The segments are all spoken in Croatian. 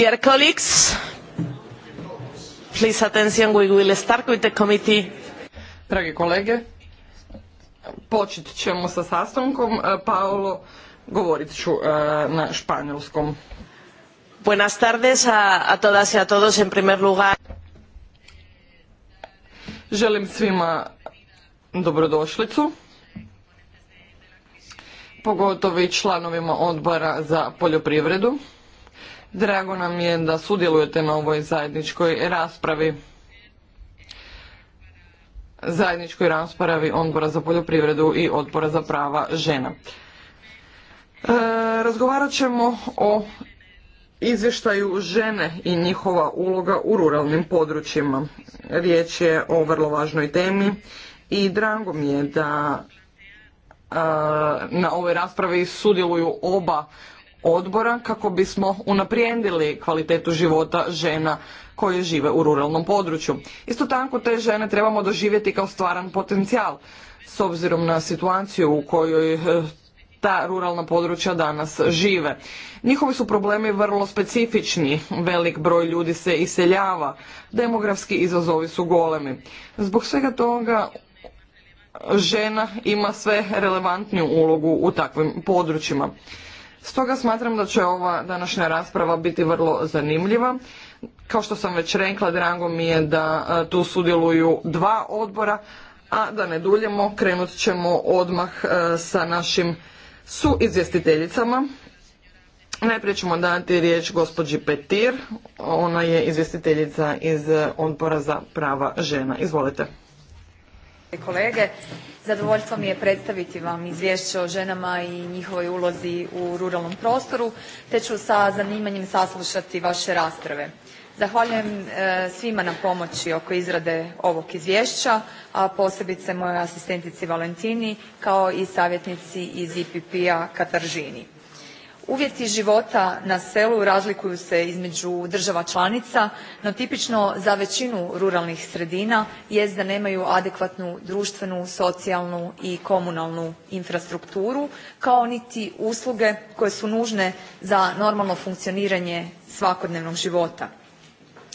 Dear colleagues, please attention, we will start with the committee. Dragi kolege, počet ćemo sa sastankom. E, Paolo, govorit ću e, na španjolskom. Buenas tardes a, todas y a todos en primer lugar. Želim svima dobrodošlicu pogotovo i članovima odbora za poljoprivredu. Drago nam je da sudjelujete na ovoj zajedničkoj raspravi zajedničkoj raspravi Odbora za poljoprivredu i Odbora za prava žena. E, razgovarat ćemo o izvještaju žene i njihova uloga u ruralnim područjima. Riječ je o vrlo važnoj temi i drago mi je da e, na ovoj raspravi sudjeluju oba odbora kako bismo unaprijedili kvalitetu života žena koje žive u ruralnom području. Isto tako te žene trebamo doživjeti kao stvaran potencijal s obzirom na situaciju u kojoj eh, ta ruralna područja danas žive. Njihovi su problemi vrlo specifični, velik broj ljudi se iseljava, demografski izazovi su golemi. Zbog svega toga žena ima sve relevantniju ulogu u takvim područjima. Stoga smatram da će ova današnja rasprava biti vrlo zanimljiva. Kao što sam već rekla, drago mi je da e, tu sudjeluju dva odbora, a da ne duljemo, krenut ćemo odmah e, sa našim suizvjestiteljicama. Najprije ćemo dati riječ gospođi Petir, ona je izvjestiteljica iz odbora za prava žena. Izvolite kolege. Zadovoljstvo mi je predstaviti vam izvješće o ženama i njihovoj ulozi u ruralnom prostoru te ću sa zanimanjem saslušati vaše rasprave. Zahvaljujem e, svima na pomoći oko izrade ovog izvješća, a posebice mojoj asistentici Valentini kao i savjetnici iz IPP-a Kataržini. Uvjeti života na selu razlikuju se između država članica, no tipično za većinu ruralnih sredina jest da nemaju adekvatnu društvenu, socijalnu i komunalnu infrastrukturu kao niti usluge koje su nužne za normalno funkcioniranje svakodnevnog života.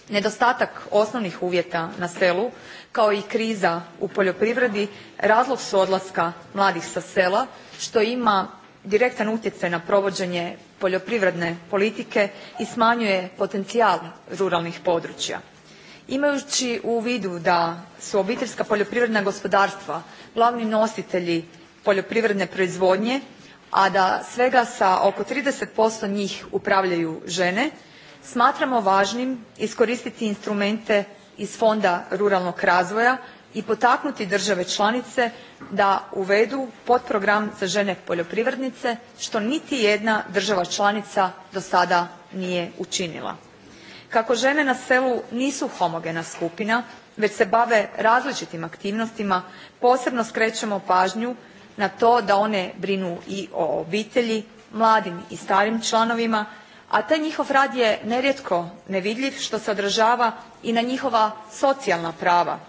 Nedostatak osnovnih uvjeta na selu kao i kriza u poljoprivredi razlog su odlaska mladih sa sela što ima direktan utjecaj na provođenje poljoprivredne politike i smanjuje potencijal ruralnih područja. Imajući u vidu da su obiteljska poljoprivredna gospodarstva glavni nositelji poljoprivredne proizvodnje, a da svega sa oko 30% njih upravljaju žene, smatramo važnim iskoristiti instrumente iz Fonda ruralnog razvoja i potaknuti države članice da uvedu potprogram za žene poljoprivrednice što niti jedna država članica do sada nije učinila. Kako žene na selu nisu homogena skupina već se bave različitim aktivnostima posebno skrećemo pažnju na to da one brinu i o obitelji, mladim i starim članovima, a taj njihov rad je nerijetko nevidljiv što se odražava i na njihova socijalna prava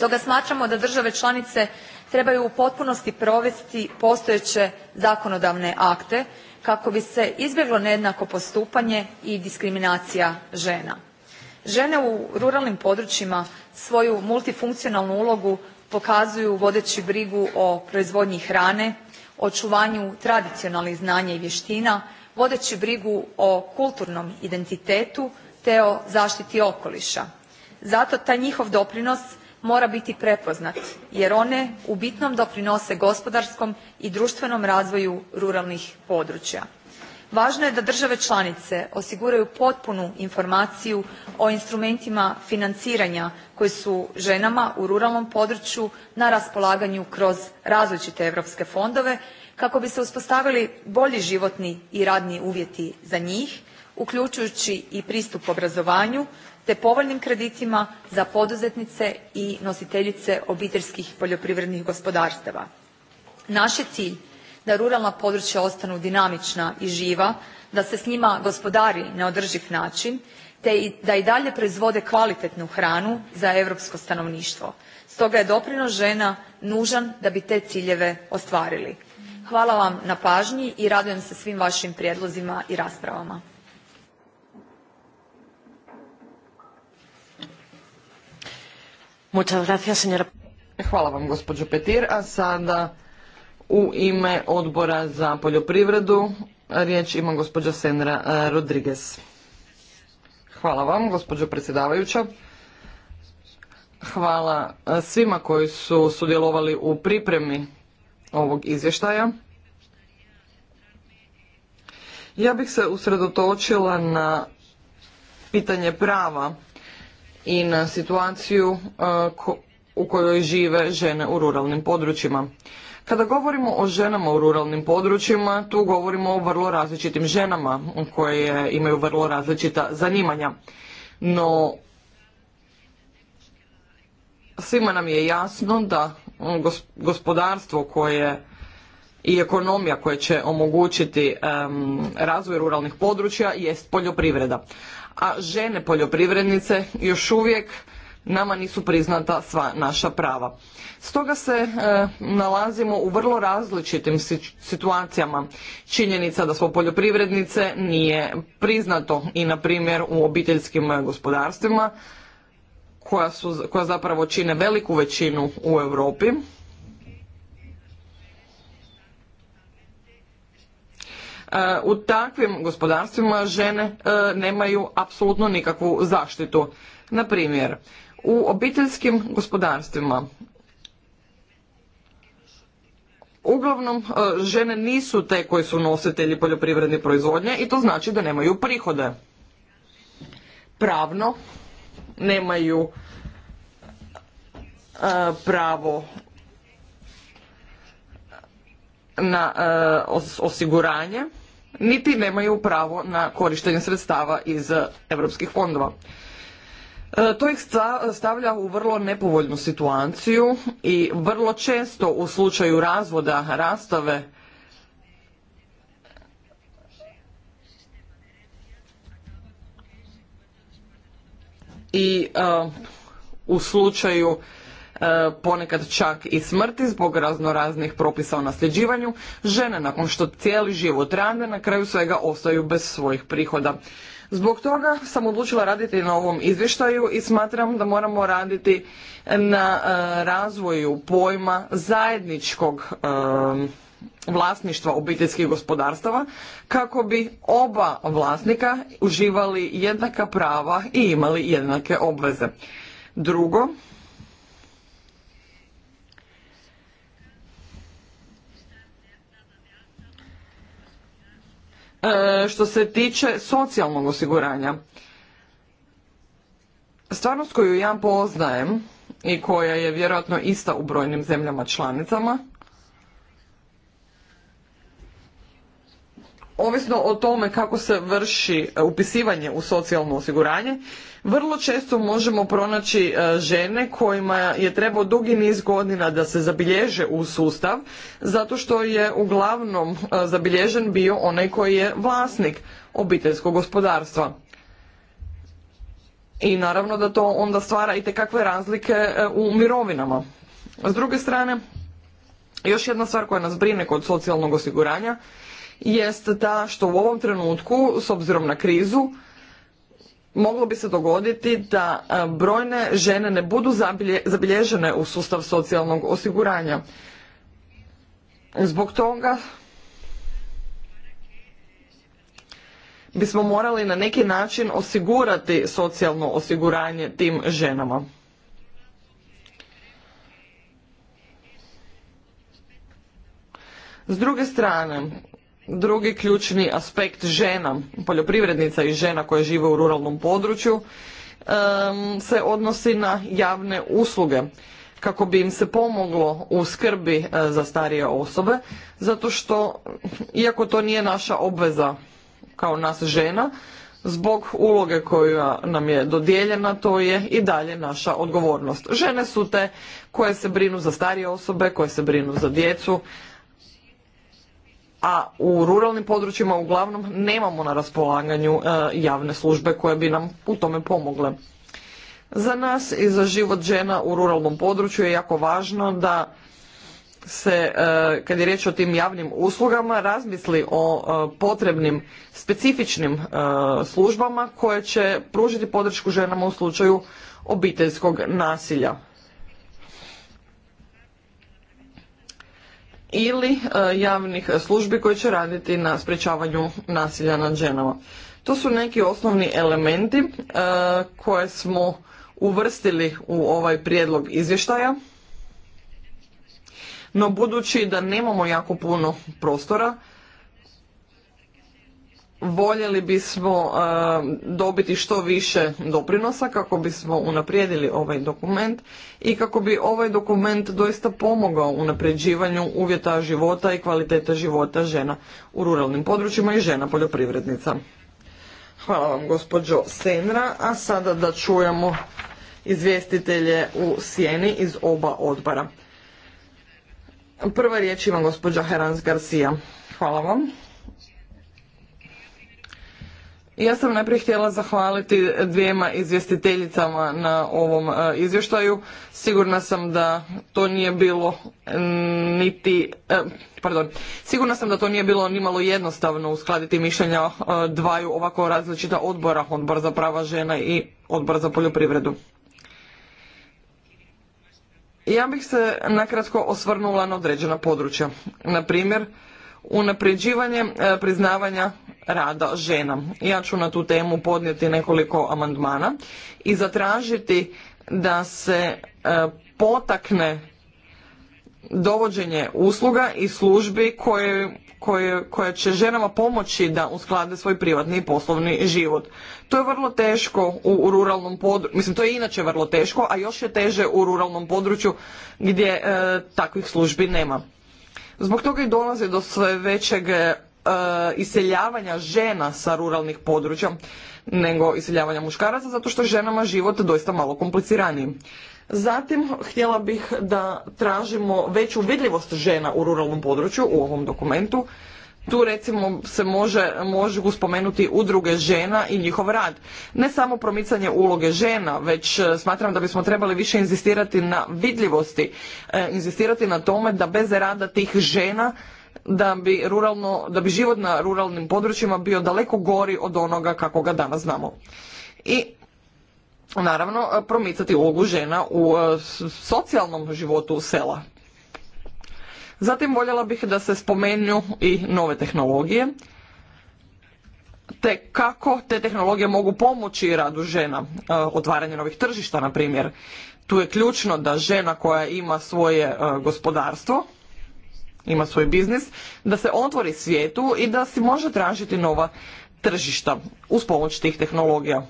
Stoga smatramo da države članice trebaju u potpunosti provesti postojeće zakonodavne akte kako bi se izbjeglo nejednako postupanje i diskriminacija žena. Žene u ruralnim područjima svoju multifunkcionalnu ulogu pokazuju vodeći brigu o proizvodnji hrane, očuvanju tradicionalnih znanja i vještina, vodeći brigu o kulturnom identitetu te o zaštiti okoliša. Zato taj njihov doprinos mora biti prepoznat jer one u bitnom doprinose gospodarskom i društvenom razvoju ruralnih područja. Važno je da države članice osiguraju potpunu informaciju o instrumentima financiranja koji su ženama u ruralnom području na raspolaganju kroz različite europske fondove kako bi se uspostavili bolji životni i radni uvjeti za njih uključujući i pristup obrazovanju te povoljnim kreditima za poduzetnice i nositeljice obiteljskih poljoprivrednih gospodarstava. Naš je cilj da ruralna područja ostanu dinamična i živa, da se s njima gospodari na održiv način te da i dalje proizvode kvalitetnu hranu za europsko stanovništvo. Stoga je doprinos žena nužan da bi te ciljeve ostvarili. Hvala vam na pažnji i radujem se svim vašim prijedlozima i raspravama. Hvala vam, gospođo Petir. A sada u ime odbora za poljoprivredu riječ ima gospođa Senra eh, Rodriguez. Hvala vam, gospođo predsjedavajuća. Hvala eh, svima koji su sudjelovali u pripremi ovog izvještaja. Ja bih se usredotočila na pitanje prava i na situaciju uh, u kojoj žive žene u ruralnim područjima. Kada govorimo o ženama u ruralnim područjima, tu govorimo o vrlo različitim ženama koje imaju vrlo različita zanimanja. No, svima nam je jasno da um, gospodarstvo koje i ekonomija koja će omogućiti um, razvoj ruralnih područja jest poljoprivreda a žene poljoprivrednice još uvijek nama nisu priznata sva naša prava. Stoga se e, nalazimo u vrlo različitim situacijama. Činjenica da smo poljoprivrednice nije priznato i na primjer u obiteljskim gospodarstvima koja, koja zapravo čine veliku većinu u Europi E, u takvim gospodarstvima žene e, nemaju apsolutno nikakvu zaštitu. Na primjer, u obiteljskim gospodarstvima Uglavnom, e, žene nisu te koje su nositelji poljoprivredne proizvodnje i to znači da nemaju prihode. Pravno nemaju pravo na osiguranje niti nemaju pravo na korištenje sredstava iz europskih fondova. E, to ih stavlja u vrlo nepovoljnu situaciju i vrlo često u slučaju razvoda, rastave, i e, u slučaju E, ponekad čak i smrti zbog razno raznih propisa o nasljeđivanju, žene nakon što cijeli život rane, na kraju svega ostaju bez svojih prihoda. Zbog toga sam odlučila raditi na ovom izvještaju i smatram da moramo raditi na e, razvoju pojma zajedničkog e, vlasništva obiteljskih gospodarstava kako bi oba vlasnika uživali jednaka prava i imali jednake obveze. Drugo, E, što se tiče socijalnog osiguranja. Stvarnost koju ja poznajem i koja je vjerojatno ista u brojnim zemljama članicama ovisno o tome kako se vrši e, upisivanje u socijalno osiguranje, vrlo često možemo pronaći e, žene kojima je trebao dugi niz godina da se zabilježe u sustav, zato što je uglavnom e, zabilježen bio onaj koji je vlasnik obiteljskog gospodarstva. I naravno da to onda stvara i tekakve razlike u mirovinama. S druge strane, još jedna stvar koja nas brine kod socijalnog osiguranja jest ta što u ovom trenutku, s obzirom na krizu, moglo bi se dogoditi da e, brojne žene ne budu zabilježene u sustav socijalnog osiguranja. Zbog toga bismo morali na neki način osigurati socijalno osiguranje tim ženama. S druge strane, Drugi ključni aspekt žena, poljoprivrednica i žena koje žive u ruralnom području, se odnosi na javne usluge kako bi im se pomoglo u skrbi e, za starije osobe, zato što, iako to nije naša obveza kao nas žena, zbog uloge koja nam je dodijeljena, to je i dalje naša odgovornost. Žene su te koje se brinu za starije osobe, koje se brinu za djecu, a u ruralnim područjima uglavnom nemamo na raspolaganju e, javne službe koje bi nam u tome pomogle. Za nas i za život žena u ruralnom području je jako važno da se, e, kad je riječ o tim javnim uslugama, razmisli o e, potrebnim specifičnim službama koje će pružiti podršku ženama u slučaju obiteljskog nasilja. ili e, javnih službi koje će raditi na sprečavanju nasilja nad ženama. To su neki osnovni elementi e, koje smo uvrstili u ovaj prijedlog izvještaja. No budući da nemamo jako puno prostora, voljeli bismo e, dobiti što više doprinosa kako bismo unaprijedili ovaj dokument i kako bi ovaj dokument doista pomogao unapređivanju uvjeta života i kvalitete života žena u ruralnim područjima i žena poljoprivrednica. Hvala vam gospođo Senra, a sada da čujemo izvjestitelje u sjeni iz oba odbara. Prva riječ ima gospođa Herans Garcia. Hvala vam. Ja sam najprije htjela zahvaliti dvijema izvjestiteljicama na ovom e, izvještaju. Sigurna sam da to nije bilo niti, e, pardon, sigurna sam da to nije bilo nimalo jednostavno uskladiti mišljenja e, dvaju ovako različita odbora, odbor za prava žena i odbor za poljoprivredu. Ja bih se nakratko osvrnula na određena područja. Na primjer, unapređivanje priznavanja rada žena. Ja ću na tu temu podnijeti nekoliko amandmana i zatražiti da se e, potakne dovođenje usluga i službi koje, koje, koje će ženama pomoći da usklade svoj privatni i poslovni život. To je vrlo teško u, ruralnom području, mislim to je inače vrlo teško, a još je teže u ruralnom području gdje e, takvih službi nema. Zbog toga i dolazi do sve većeg E, iseljavanja žena sa ruralnih područja nego iseljavanja muškaraca zato što je ženama život doista malo kompliciraniji. Zatim htjela bih da tražimo veću vidljivost žena u ruralnom području u ovom dokumentu. Tu recimo se može, mogu spomenuti udruge žena i njihov rad. Ne samo promicanje uloge žena, već e, smatram da bismo trebali više inzistirati na vidljivosti, e, inzistirati na tome da bez rada tih žena da bi, ruralno, da bi život na ruralnim područjima bio daleko gori od onoga kako ga danas znamo. I naravno promicati ulogu žena u e, socijalnom životu sela. Zatim voljela bih da se spomenju i nove tehnologije, te kako te tehnologije mogu pomoći radu žena, e, otvaranje novih tržišta na primjer. Tu je ključno da žena koja ima svoje e, gospodarstvo, ima svoj biznis, da se otvori svijetu i da si može tražiti nova tržišta uz pomoć tih tehnologija.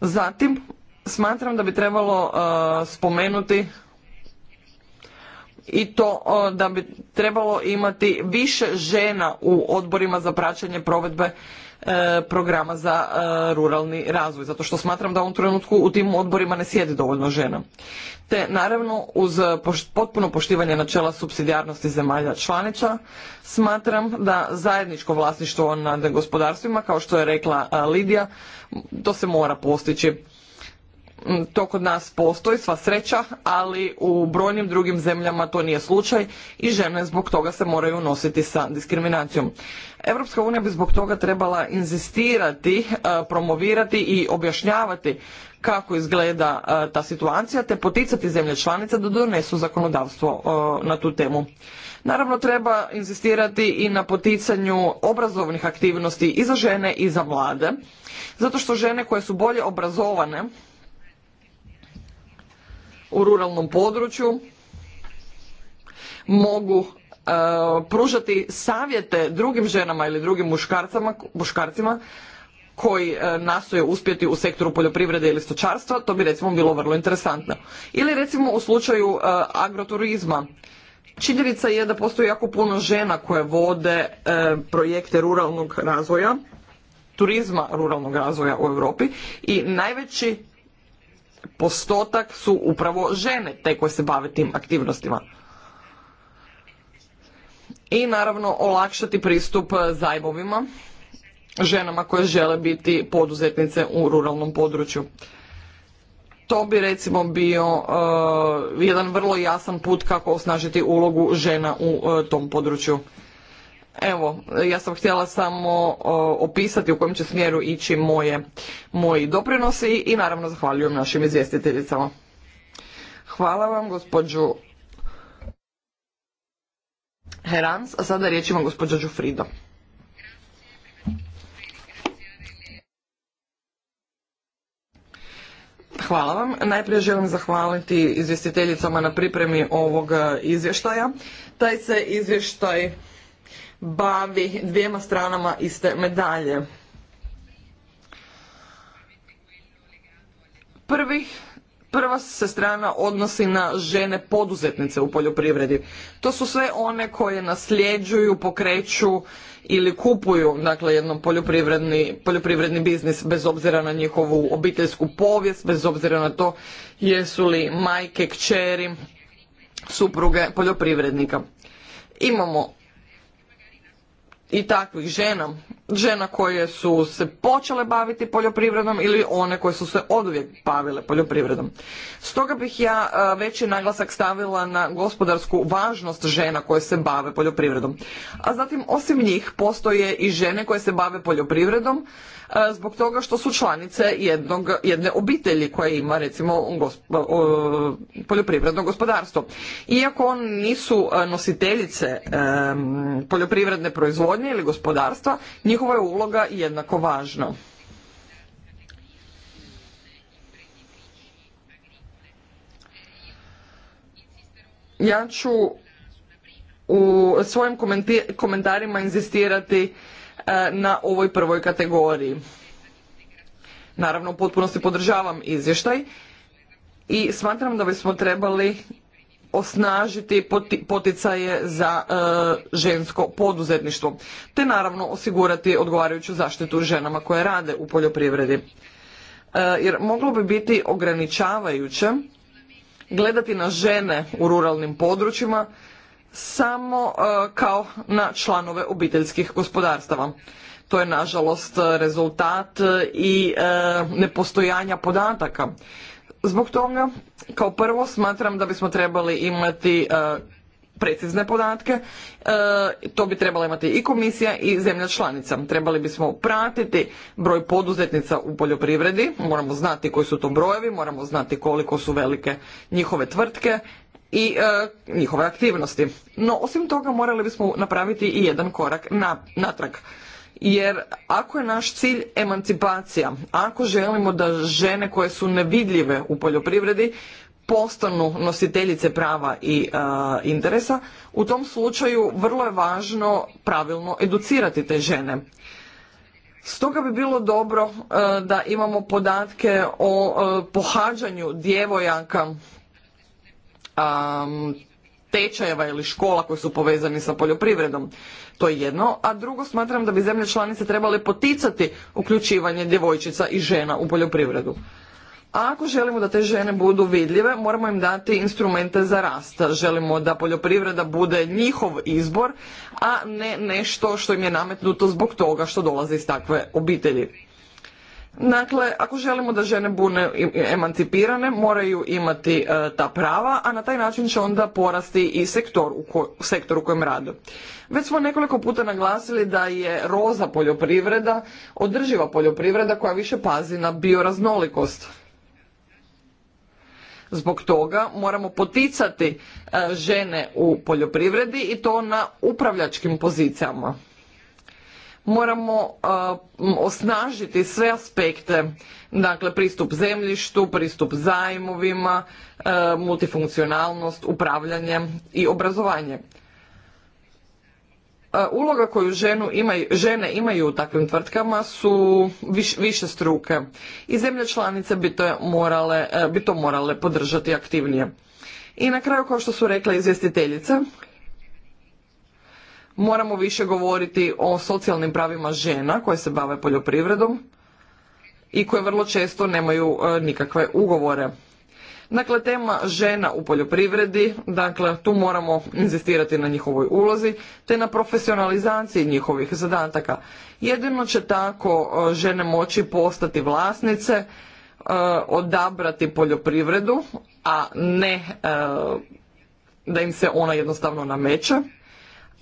Zatim, smatram da bi trebalo uh, spomenuti i to uh, da bi trebalo imati više žena u odborima za praćenje provedbe E, programa za e, ruralni razvoj, zato što smatram da u ovom trenutku u tim odborima ne sjedi dovoljno žena. Te naravno uz potpuno poštivanje načela subsidijarnosti zemalja članica smatram da zajedničko vlasništvo nad gospodarstvima, kao što je rekla e, Lidija, to se mora postići Mm, to kod nas postoji, sva sreća, ali u brojnim drugim zemljama to nije slučaj i žene zbog toga se moraju nositi sa diskriminacijom. Europska unija bi zbog toga trebala inzistirati, e, promovirati i objašnjavati kako izgleda e, ta situacija te poticati zemlje članice da donesu zakonodavstvo e, na tu temu. Naravno treba inzistirati i na poticanju obrazovnih aktivnosti i za žene i za mlade, zato što žene koje su bolje obrazovane u ruralnom području mogu e, pružati savjete drugim ženama ili drugim muškarcima koji e, nastoje uspjeti u sektoru poljoprivrede ili stočarstva, to bi recimo bilo vrlo interesantno. Ili recimo u slučaju e, agroturizma. Činjenica je da postoji jako puno žena koje vode e, projekte ruralnog razvoja, turizma ruralnog razvoja u Europi i najveći postotak su upravo žene te koje se bave tim aktivnostima. I naravno olakšati pristup eh, zajmovima ženama koje žele biti poduzetnice u ruralnom području. To bi recimo bio eh, jedan vrlo jasan put kako osnažiti ulogu žena u eh, tom području. Evo, ja sam htjela samo opisati u kojem će smjeru ići moje, moji doprinosi i naravno zahvaljujem našim izvjestiteljicama. Hvala vam gospođu Herans, a sada riječ ima gospođa Đufrido. Hvala vam. Najprije želim zahvaliti izvjestiteljicama na pripremi ovog e, izvještaja. Taj se izvještaj bavi dvijema stranama iste medalje. Prva se strana odnosi na žene poduzetnice u poljoprivredi. To su sve one koje nasljeđuju, pokreću ili kupuju dakle, jednom poljoprivredni, poljoprivredni biznis bez obzira na njihovu obiteljsku povijest, bez obzira na to jesu li majke, kćeri, supruge poljoprivrednika. Imamo i takvih žena žena koje su se počele baviti poljoprivredom ili one koje su se oduvijek bavile poljoprivredom. Stoga bih ja e, veći naglasak stavila na gospodarsku važnost žena koje se bave poljoprivredom. A zatim osim njih postoje i žene koje se bave poljoprivredom e, zbog toga što su članice jednog, jedne obitelji koja ima recimo e, poljoprivredno gospodarstvo. Iako nisu nositeljice poljoprivredne proizvodnje ili gospodarstva, njihov njihova je uloga jednako važna. Ja ću u svojim komentarima inzistirati e, na ovoj prvoj kategoriji. Naravno, u potpunosti podržavam izvještaj i smatram da bismo trebali osnažiti poticaje za e, žensko poduzetništvo te naravno osigurati odgovarajuću zaštitu ženama koje rade u poljoprivredi. E, jer moglo bi biti ograničavajuće gledati na žene u ruralnim područjima samo e, kao na članove obiteljskih gospodarstava. To je nažalost rezultat i nepostojanja podataka Zbog toga, kao prvo, smatram da bismo trebali imati e, precizne podatke. E, to bi trebala imati i komisija i zemlja članica. Trebali bismo pratiti broj poduzetnica u poljoprivredi. Moramo znati koji su to brojevi, moramo znati koliko su velike njihove tvrtke i e, njihove aktivnosti. No, osim toga, morali bismo napraviti i jedan korak natrag jer ako je naš cilj emancipacija, ako želimo da žene koje su nevidljive u poljoprivredi postanu nositeljice prava i interesa, u tom slučaju vrlo je važno pravilno educirati te žene. Stoga bi bilo dobro da imamo podatke o pohađanju djevojaka tečajeva ili škola koji su povezani sa poljoprivredom. To je jedno. A drugo, smatram da bi zemlje članice trebale poticati uključivanje djevojčica i žena u poljoprivredu. A ako želimo da te žene budu vidljive, moramo im dati instrumente za rast. Želimo da poljoprivreda bude njihov izbor, a ne nešto što im je nametnuto zbog toga što dolaze iz takve obitelji. Dakle, ako želimo da žene bune emancipirane, moraju imati e, ta prava, a na taj način će onda porasti i sektor u, sektor u kojem rade. Već smo nekoliko puta naglasili da je roza poljoprivreda, održiva poljoprivreda koja više pazi na bioraznolikost. Zbog toga moramo poticati e, žene u poljoprivredi i to na upravljačkim pozicijama moramo osnažiti sve aspekte, dakle pristup zemljištu, pristup zajmovima, multifunkcionalnost, upravljanje i obrazovanje. Uloga koju ženu žene imaju u takvim tvrtkama su viš, više struke i zemlje članice bi to, morale, bi to morale podržati aktivnije. I na kraju, kao što su rekle izvjestiteljica, Moramo više govoriti o socijalnim pravima žena koje se bave poljoprivredom i koje vrlo često nemaju e, nikakve ugovore. Dakle, tema žena u poljoprivredi, dakle, tu moramo inzistirati na njihovoj ulozi, te na profesionalizaciji njihovih zadataka. Jedino će tako e, žene moći postati vlasnice, e, odabrati poljoprivredu, a ne da im se ona jednostavno nameće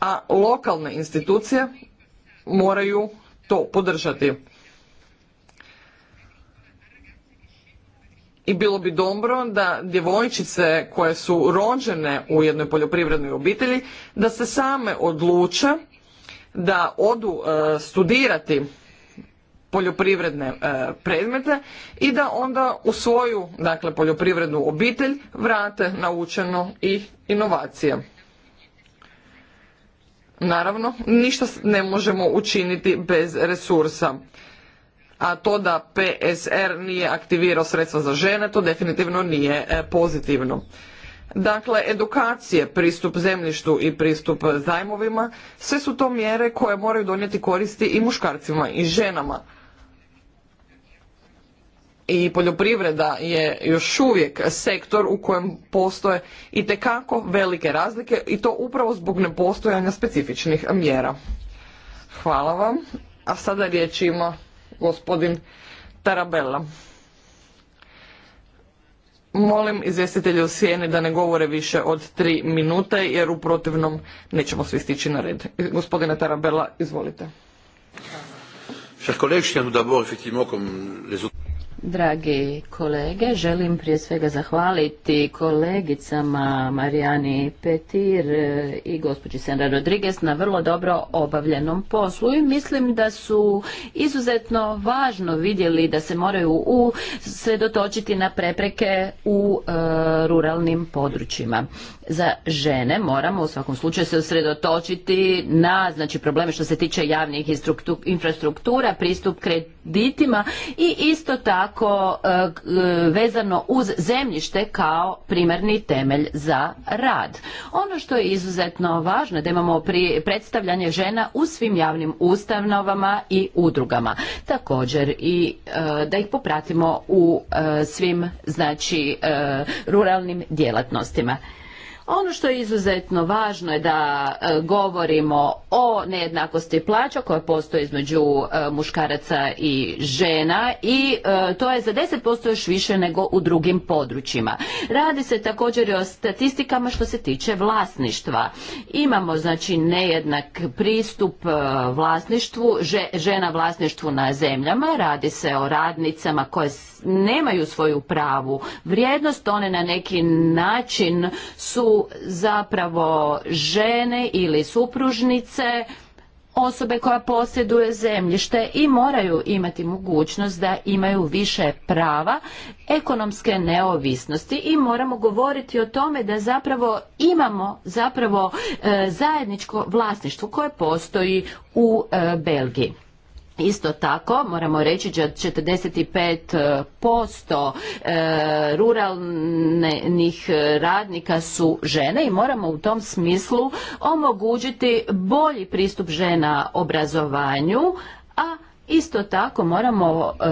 a lokalne institucije moraju to podržati. I bilo bi dobro da djevojčice koje su rođene u jednoj poljoprivrednoj obitelji, da se same odluče da odu e, studirati poljoprivredne e, predmete i da onda u svoju dakle poljoprivrednu obitelj vrate naučeno i inovacije. Naravno, ništa ne možemo učiniti bez resursa. A to da PSR nije aktivirao sredstva za žene, to definitivno nije e, pozitivno. Dakle, edukacije, pristup zemljištu i pristup zajmovima, sve su to mjere koje moraju donijeti koristi i muškarcima i ženama i poljoprivreda je još uvijek sektor u kojem postoje i tekako velike razlike i to upravo zbog nepostojanja specifičnih mjera. Hvala vam. A sada riječ ima gospodin Tarabella. Molim izvjestitelje u sjeni da ne govore više od tri minute jer u protivnom nećemo svi stići na red. Gospodine Tarabella, izvolite. Chers je Dragi kolege, želim prije svega zahvaliti kolegicama Marijani Petir e, i gospođi Sandra Rodriguez na vrlo dobro obavljenom poslu i mislim da su izuzetno važno vidjeli da se moraju usredotočiti na prepreke u e, ruralnim područjima. Za žene moramo u svakom slučaju se usredotočiti na znači, probleme što se tiče javnih infrastruktura, pristup kreditima i isto tako tako e, vezano uz zemljište kao primarni temelj za rad. Ono što je izuzetno važno je da imamo predstavljanje žena u svim javnim ustanovama i udrugama. Također i e, da ih popratimo u e, svim znači ruralnim djelatnostima. Ono što je izuzetno važno je da e, govorimo o nejednakosti plaća koja postoji između e, muškaraca i žena i e, to je za 10% još više nego u drugim područjima. Radi se također i o statistikama što se tiče vlasništva. Imamo znači nejednak pristup vlasništvu, žena vlasništvu na zemljama, radi se o radnicama koje nemaju svoju pravu vrijednost, one na neki način su zapravo žene ili supružnice osobe koja posjeduje zemljište i moraju imati mogućnost da imaju više prava ekonomske neovisnosti i moramo govoriti o tome da zapravo imamo zapravo e, zajedničko vlasništvo koje postoji u e, Belgiji Isto tako moramo reći da 45% e, ruralnih radnika su žene i moramo u tom smislu omogućiti bolji pristup žena obrazovanju, a Isto tako moramo e,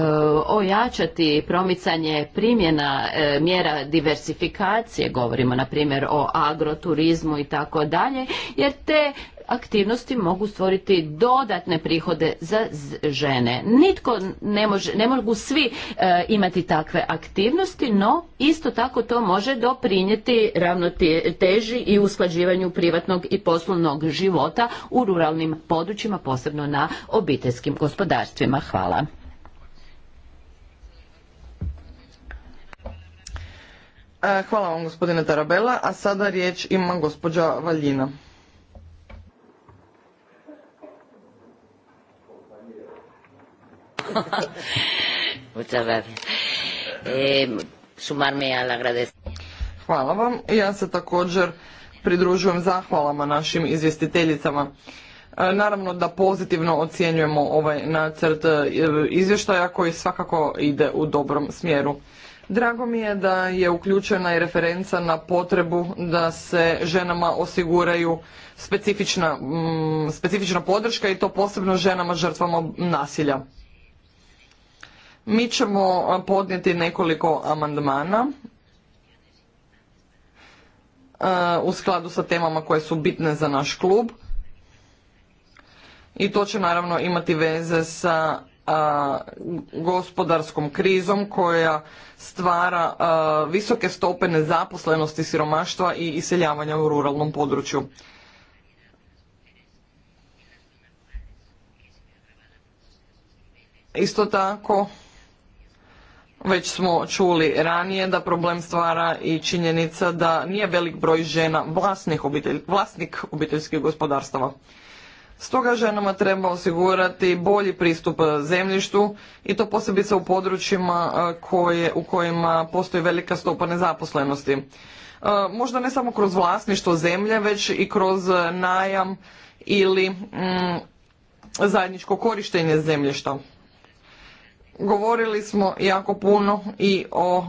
ojačati promicanje primjena e, mjera diversifikacije, govorimo na primjer o agroturizmu i tako dalje, jer te aktivnosti mogu stvoriti dodatne prihode za žene. Nitko ne, može, ne mogu svi e, imati takve aktivnosti, no isto tako to može doprinijeti ravnoteži i usklađivanju privatnog i poslovnog života u ruralnim područjima, posebno na obiteljskim gospodarstvima. Hvala. E, hvala vam gospodine Tarabela, a sada riječ ima gospođa Valjina. Muchas eh, Hvala vam. Ja se također pridružujem zahvalama našim izvjestiteljicama. E, naravno da pozitivno ocjenjujemo ovaj nacrt e, izvještaja koji svakako ide u dobrom smjeru. Drago mi je da je uključena i referenca na potrebu da se ženama osiguraju specifična, mm, specifična podrška i to posebno ženama žrtvama nasilja. Mi ćemo podnijeti nekoliko amandmana u skladu sa temama koje su bitne za naš klub. I to će naravno imati veze sa gospodarskom krizom koja stvara visoke stope nezaposlenosti, siromaštva i iseljavanja u ruralnom području. Isto tako, već smo čuli ranije da problem stvara i činjenica da nije velik broj žena vlasnih vlasnik obiteljskih gospodarstava. Stoga ženama treba osigurati bolji pristup zemljištu i to posebice u područjima e, koje, u kojima postoji velika stopa nezaposlenosti. E, možda ne samo kroz vlasništvo zemlje, već i kroz najam ili mm, zajedničko korištenje zemljišta. Govorili smo jako puno i o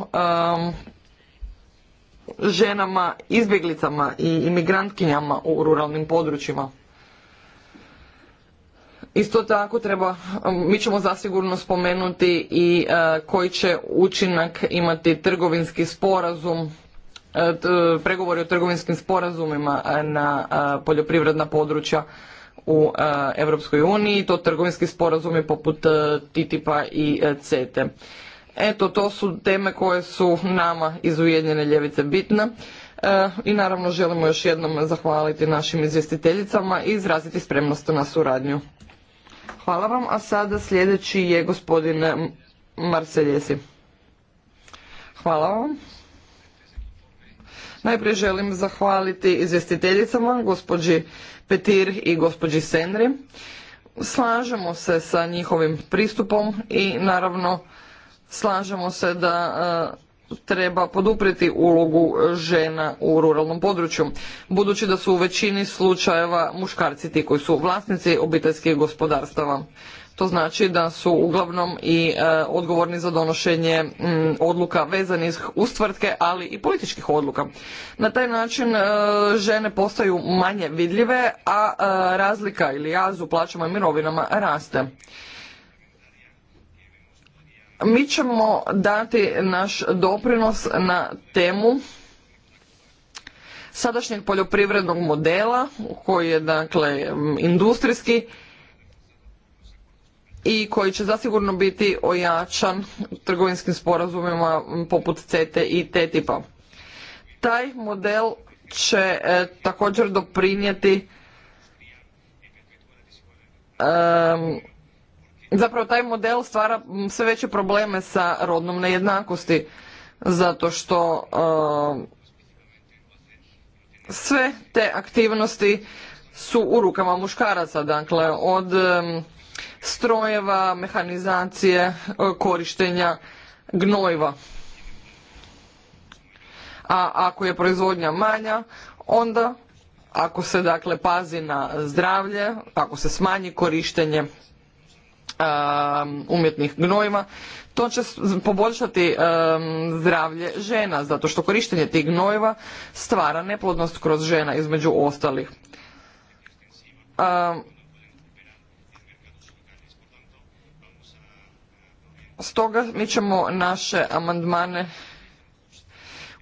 ženama, izbjeglicama i imigrantkinjama u ruralnim područjima. Isto tako treba, mi ćemo zasigurno spomenuti i e, koji će učinak imati trgovinski sporazum, e, pregovori o trgovinskim sporazumima na e, poljoprivredna područja u Europskoj uniji, to trgovinski sporazumi poput e, TTIP-a i CETE. Eto, to su teme koje su nama iz Ujedinjene ljevice bitne e, i naravno želimo još jednom zahvaliti našim izvjestiteljicama i izraziti spremnost na suradnju. Hvala vam, a sada sljedeći je gospodin Marseljesi. Hvala vam. Najprije želim zahvaliti izvjestiteljicama, gospođi Petir i gospođi Senri. Slažemo se sa njihovim pristupom i naravno slažemo se da e, treba poduprijeti ulogu žena u ruralnom području, budući da su u većini slučajeva muškarci ti koji su vlasnici obiteljskih gospodarstava. To znači da su uglavnom i e, odgovorni za donošenje odluka vezanih uz tvrtke, ali i političkih odluka. Na taj način e, žene postaju manje vidljive, a e, razlika ili jaz u plaćama i mirovinama raste. Mi ćemo dati naš doprinos na temu sadašnjeg poljoprivrednog modela koji je dakle industrijski i koji će zasigurno biti ojačan trgovinskim sporazumima poput CETE i TTIP-a. Taj model će e, također doprinijeti zapravo taj model stvara sve veće probleme sa rodnom nejednakosti zato što sve te aktivnosti su u rukama muškaraca, dakle od strojeva, mehanizacije, e, korištenja gnojiva. A ako je proizvodnja manja, onda ako se dakle pazi na zdravlje, ako se smanji korištenje um, umjetnih gnojiva, to će poboljšati um, zdravlje žena, zato što korištenje tih gnojiva stvara neplodnost kroz žena između ostalih. Um, Stoga mi ćemo naše amandmane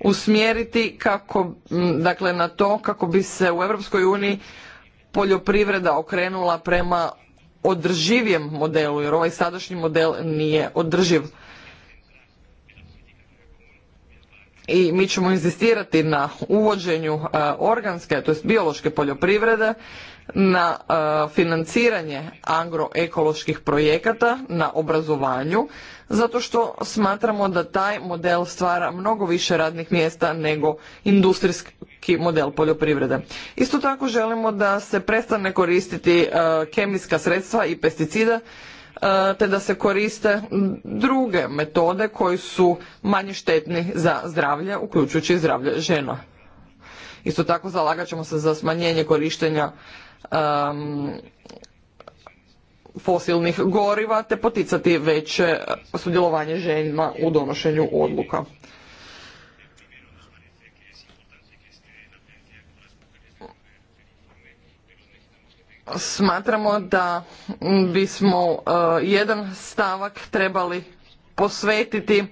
usmjeriti kako, dakle, na to kako bi se u Europskoj uniji poljoprivreda okrenula prema održivijem modelu, jer ovaj sadašnji model nije održiv. i mi ćemo inzistirati na uvođenju e, organske, to biološke poljoprivrede, na e, financiranje agroekoloških projekata, na obrazovanju, zato što smatramo da taj model stvara mnogo više radnih mjesta nego industrijski model poljoprivrede. Isto tako želimo da se prestane koristiti e, kemijska sredstva i pesticida. E, te da se koriste druge metode koji su manje štetni za zdravlje, uključujući i zdravlje žena. Isto tako zalagat ćemo se za smanjenje korištenja fosilnih goriva te poticati veće sudjelovanje žena u donošenju odluka. smatramo da bismo e, jedan stavak trebali posvetiti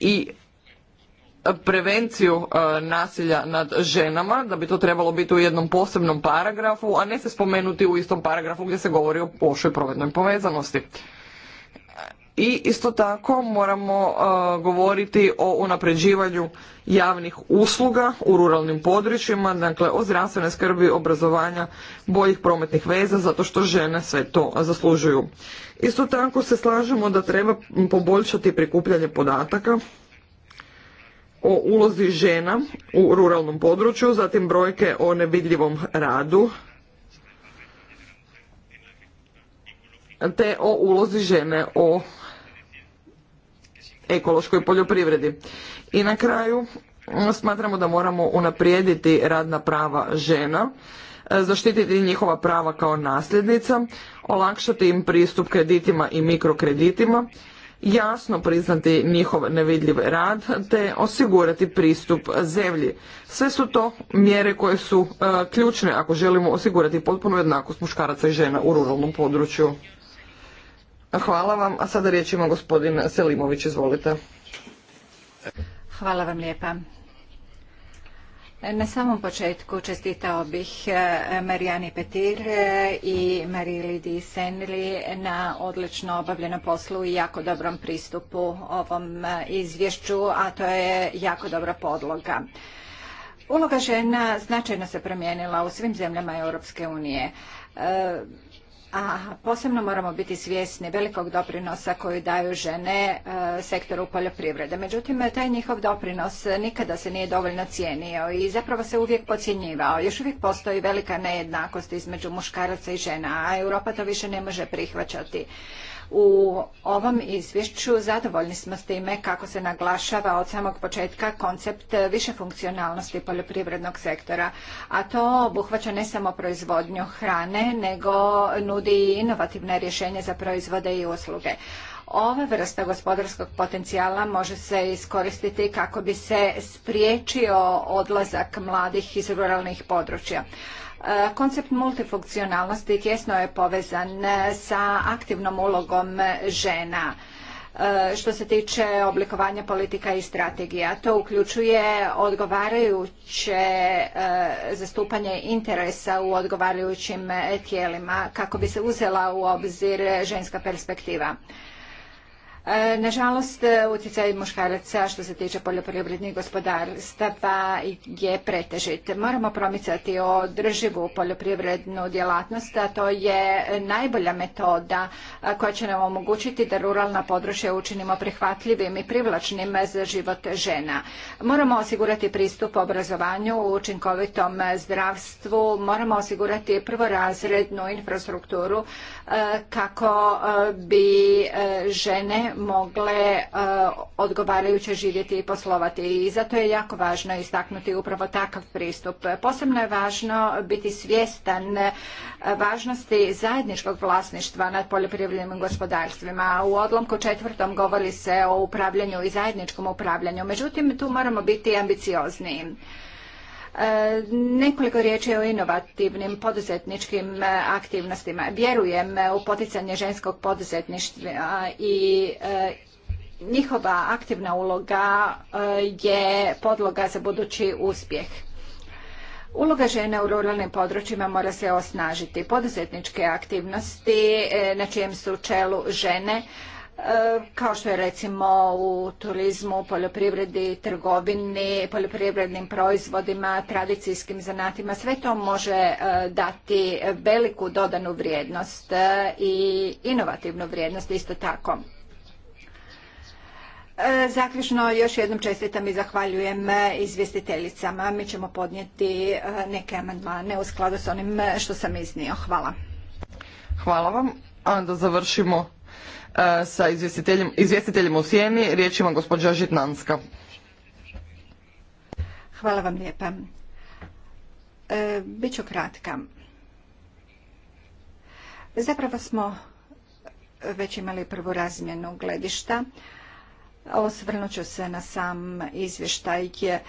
i prevenciju e, nasilja nad ženama, da bi to trebalo biti u jednom posebnom paragrafu, a ne se spomenuti u istom paragrafu gdje se govori o lošoj provednoj povezanosti i isto tako moramo uh, govoriti o unapređivanju javnih usluga u ruralnim područjima, dakle o zdravstvenoj skrbi, obrazovanja, boljih prometnih veza, zato što žene sve to zaslužuju. Isto tako se slažemo da treba poboljšati prikupljanje podataka o ulozi žena u ruralnom području, zatim brojke o nevidljivom radu, te o ulozi žene o ekološkoj poljoprivredi. I na kraju smatramo da moramo unaprijediti radna prava žena, e, zaštititi njihova prava kao nasljednica, olakšati im pristup kreditima i mikrokreditima, jasno priznati njihov nevidljiv rad te osigurati pristup zemlji. Sve su to mjere koje su e, ključne ako želimo osigurati potpunu jednakost muškaraca i žena u ruralnom području. Hvala vam, a sada riječ ima gospodin Selimović, izvolite. Hvala vam lijepa. Na samom početku čestitao bih e, Marijani Petir e, i Marili Di Senli na odlično obavljenom poslu i jako dobrom pristupu ovom e, izvješću, a to je jako dobra podloga. Uloga žena značajno se promijenila u svim zemljama Europske unije a posebno moramo biti svjesni velikog doprinosa koju daju žene e, sektoru poljoprivrede. Međutim, taj njihov doprinos nikada se nije dovoljno cijenio i zapravo se uvijek podcjenjivao. Još uvijek postoji velika nejednakost između muškaraca i žena, a Europa to više ne može prihvaćati. U ovom izvješću zadovoljni smo s time kako se naglašava od samog početka koncept više funkcionalnosti poljoprivrednog sektora, a to obuhvaća ne samo proizvodnju hrane, nego nudi i inovativne rješenje za proizvode i usluge. Ova vrsta gospodarskog potencijala može se iskoristiti kako bi se spriječio odlazak mladih iz ruralnih područja. Eh, koncept multifunkcionalnosti tjesno je povezan eh, sa aktivnom ulogom eh, žena što se tiče oblikovanja politika i strategija. To uključuje odgovarajuće zastupanje interesa u odgovarajućim tijelima kako bi se uzela u obzir ženska perspektiva. E, nažalost, e, utjecaj muškaraca što se tiče poljoprivrednih gospodarstava je pretežit. Moramo promicati održivu poljoprivrednu djelatnost, a to je najbolja metoda koja će nam omogućiti da ruralna područja učinimo prihvatljivim i privlačnim za život žena. Moramo osigurati pristup obrazovanju, u učinkovitom zdravstvu, moramo osigurati prvorazrednu infrastrukturu e, kako bi žene mogle e, odgovarajuće živjeti i poslovati. I zato je jako važno istaknuti upravo takav pristup. Posebno je važno biti svjestan e, važnosti zajedničkog vlasništva nad poljoprivrednim gospodarstvima. U odlomku četvrtom govori se o upravljanju i zajedničkom upravljanju. Međutim, tu moramo biti ambiciozniji. E, nekoliko riječi o inovativnim poduzetničkim e, aktivnostima. Vjerujem u poticanje ženskog poduzetništva i e, njihova aktivna uloga je podloga za budući uspjeh. Uloga žena u ruralnim područjima mora se osnažiti. Poduzetničke aktivnosti na čijem su čelu žene E, kao što je recimo u turizmu, poljoprivredi, trgovini, poljoprivrednim proizvodima, tradicijskim zanatima, sve to može e, dati veliku dodanu vrijednost e, i inovativnu vrijednost isto tako. Zaključno još jednom čestitam i zahvaljujem izvjestiteljicama. Mi ćemo podnijeti neke amandmane u skladu s onim što sam iznio. Hvala. Hvala vam. završimo E, sa izvjestiteljem, u sjeni. Riječ ima gospođa Žitnanska. Hvala vam lijepa. E, Biću kratka. Zapravo smo već imali prvu razmjenu gledišta. Osvrnut ću se na sam izvještaj. E,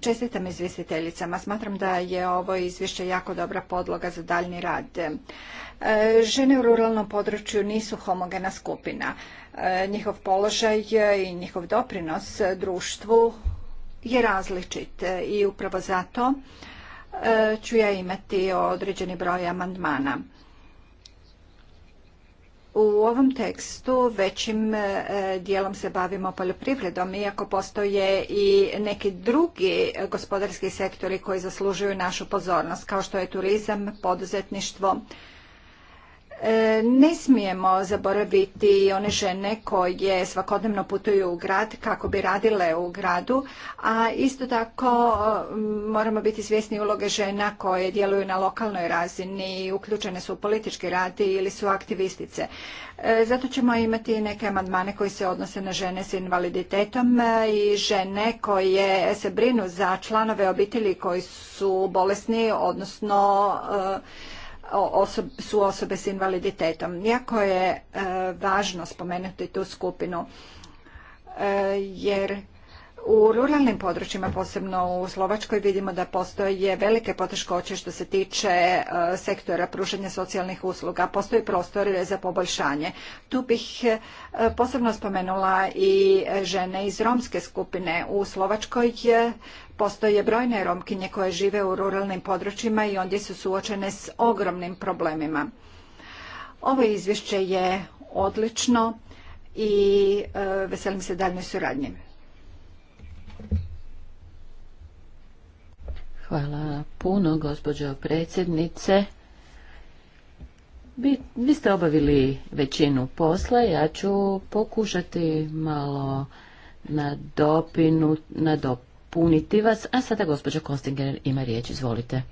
čestitam izvjestiteljicama. Smatram da je ovo izvješće jako dobra podloga za daljni rad. E, žene u ruralnom području nisu homogena skupina. E, njihov položaj i njihov doprinos društvu je različit i upravo zato ću ja imati određeni broj amandmana. U ovom tekstu većim e, dijelom se bavimo poljoprivredom, iako postoje i neki drugi gospodarski sektori koji zaslužuju našu pozornost, kao što je turizam, poduzetništvo, E, ne smijemo zaboraviti one žene koje svakodnevno putuju u grad kako bi radile u gradu, a isto tako moramo biti svjesni uloge žena koje djeluju na lokalnoj razini i uključene su u politički rad ili su aktivistice. E, zato ćemo imati neke amandmane koji se odnose na žene s invaliditetom e, i žene koje se brinu za članove obitelji koji su bolesni, odnosno su osobe s invaliditetom. Jako je e, važno spomenuti tu skupinu e, jer u ruralnim područjima, posebno u Slovačkoj, vidimo da postoje velike poteškoće što se tiče e, sektora pružanja socijalnih usluga. Postoji prostor za poboljšanje. Tu bih e, posebno spomenula i žene iz romske skupine. U Slovačkoj e, postoje brojne romkinje koje žive u ruralnim područjima i ondje su suočene s ogromnim problemima. Ovo izvješće je odlično i veselim se daljnoj suradnji. Hvala puno, gospođo predsjednice. Vi, ste obavili većinu posla, ja ću pokušati malo nadopuniti vas, a sada gospođa Konstinger ima riječ, izvolite.